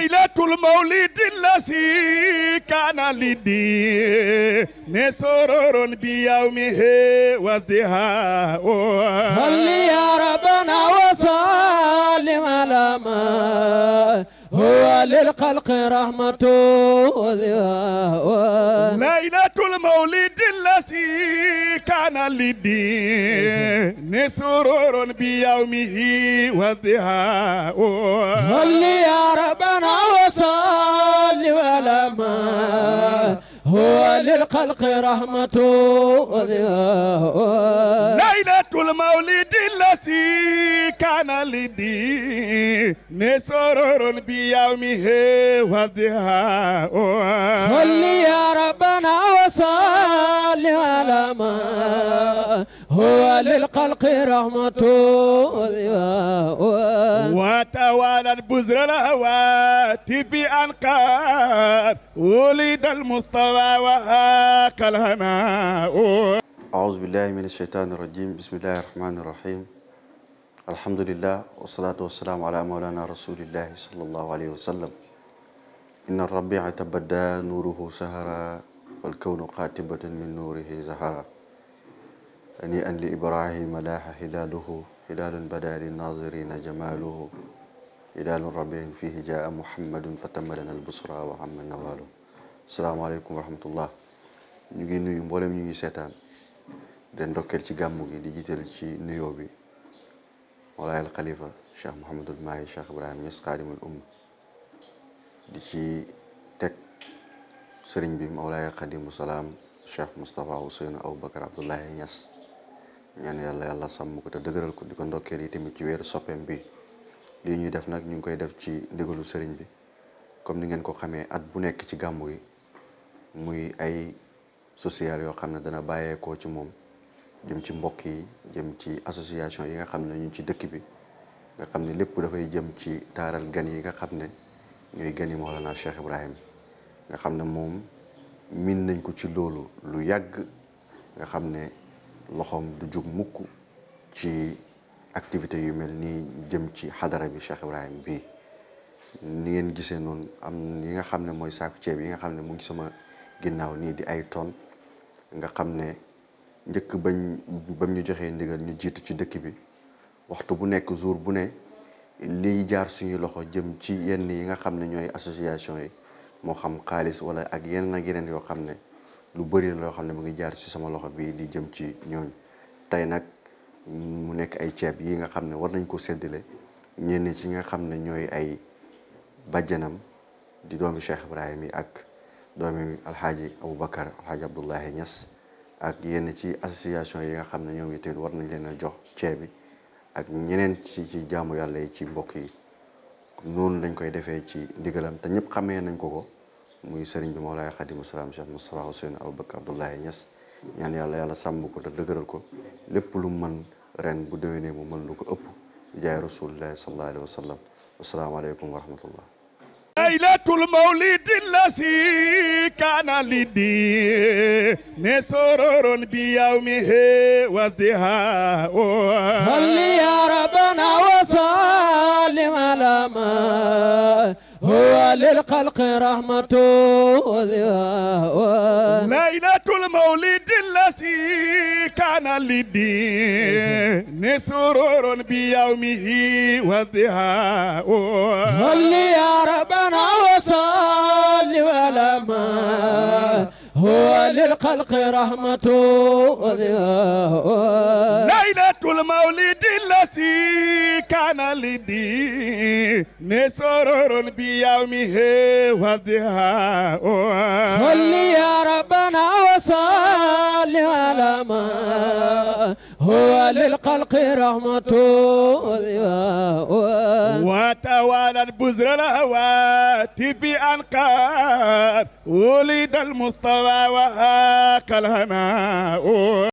laylatul mawlidi lasi kana lidi ne sororon bi yawmihi wa ziha للخلق رحمة ليلة المولد الذي كان للدين سرور بيومه وضحاه صل يا ربنا وصل ولما وللخلق رحمة ليلة المولد الذي كان لدين سرور بيومه وضحاه صلي يا ربنا وسلم صل على ما هو للخلق رحمة وتوالى البزر الهوات بأنقار ولد المصطفى وهاك الهماء أعوذ بالله من الشيطان الرجيم بسم الله الرحمن الرحيم الحمد لله والصلاة والسلام على مولانا رسول الله صلى الله عليه وسلم إن الربيع تبدى نوره سهرا wal kawnu qaatibatan min nuurihi zahara ani an li ibrahima laaha xidaaluhu xidaalun bada li nazirina jamaaluhu xidaalun rabiin fihi jaa muhammadun fatamalana albusra wa amma nawalu asalaamaaleykum wa rahmatullah ñu ngi nuyu mboolem ñu ngi seetaan den ndokkeel ci gàmmu gi di jiital ci nuyoo bi walaay al xalifa cheikh Mouhamadul Mahi cheikh Ibrahima Niass xaadimul umma di ci teg sëriñ bi Mawlaaya Xadimu Salaam Cheikh Moustapha Ousseynou Aboubacar Abdoulaye Niass ñaan yàlla yàlla sàmm ko te dëgëral ko di ndokkeel yi tamit ci weeru soppeem bi lii ñuy def nag ñu ngi koy def ci ndigalu sëriñ bi comme ni ngeen ko xamee at bu nekk ci gàmmu yi muy ay social yoo xam ne dana bàyyeekoo ci moom jëm ci mbokk yi jëm ci association yi nga xam ne ñu ci dëkk bi nga xam ne lépp dafay jëm ci taaral gan yi nga xam ne ñooy gani Mawlana Cheikh Ibrahim nga xam ne moom miin nañ ko ci loolu lu yàgg nga xam ne loxoom du jug mukk ci activité yu mel nii jëm ci xadara bi Cheikh Ibrahim bi ni ngeen gisee noonu am yi nga xam ne mooy saaku ceeb yi nga xam ne mu ngi sama ginnaaw nii di ay ton nga xam ne njëkk ba bam ñu joxee ndigal ñu jiitu ci dëkk bi waxtu bu nekk jour bu ne liy jaar suñu loxo jëm ci yenn yi nga xam ne ñooy association yi moo xam xaalis wala ak yeneen ak yoo xam ne lu bëri loo xam ne mu ngi jaar ci sama loxo bii di jëm ci ñooñ tey nag mu nekk ay ceeb yi nga xam ne war nañ ko séddale ñenn ci nga xam ne ñooy ay bàjjanam di doomi Cheikh Ibrahima yi ak doomi alxaaji Aboubacar alxaaji Abdullahi ñas ak yenn ci association yi nga xam ne ñoom itamit war nañ leen a jox ceeb bi ak ñeneen ci ci jaamu yàlla yi ci mbokk yi noonu lañ koy defee ci ndigalam te ñëpp xamee nañ ko ko muy sëriñ bi Mawlaay Xadimu Salaam Cheikh Moustapha Ousseynou Aboubacar Abdoulaye Niass a yàlla yàlla sàmm ko te dëgëral ko lépp lu mën ren bu déwénee mu mën lu ko ëpp jaay rasulillahi sallallahu alayhi wa sallam asalaamaaleykum wa rahmatullah laylatul mawlidi lasi kaana lidi ne sororon bi yawmihi wa zihaa والعلم هو للخلق رحمة وزواء ليلة المولد الذي كان للدين سرور بيومه وضحاء صل يا ربنا وصل ولما وللخلق رحمة ليلة المولد الذي كان لدين سرور بيومه وضحاه صل يا ربنا وصل على ما هو للخلق رحمة وتوالى البزر الهوات بأنقار ولد المصطفى وهاك الهماء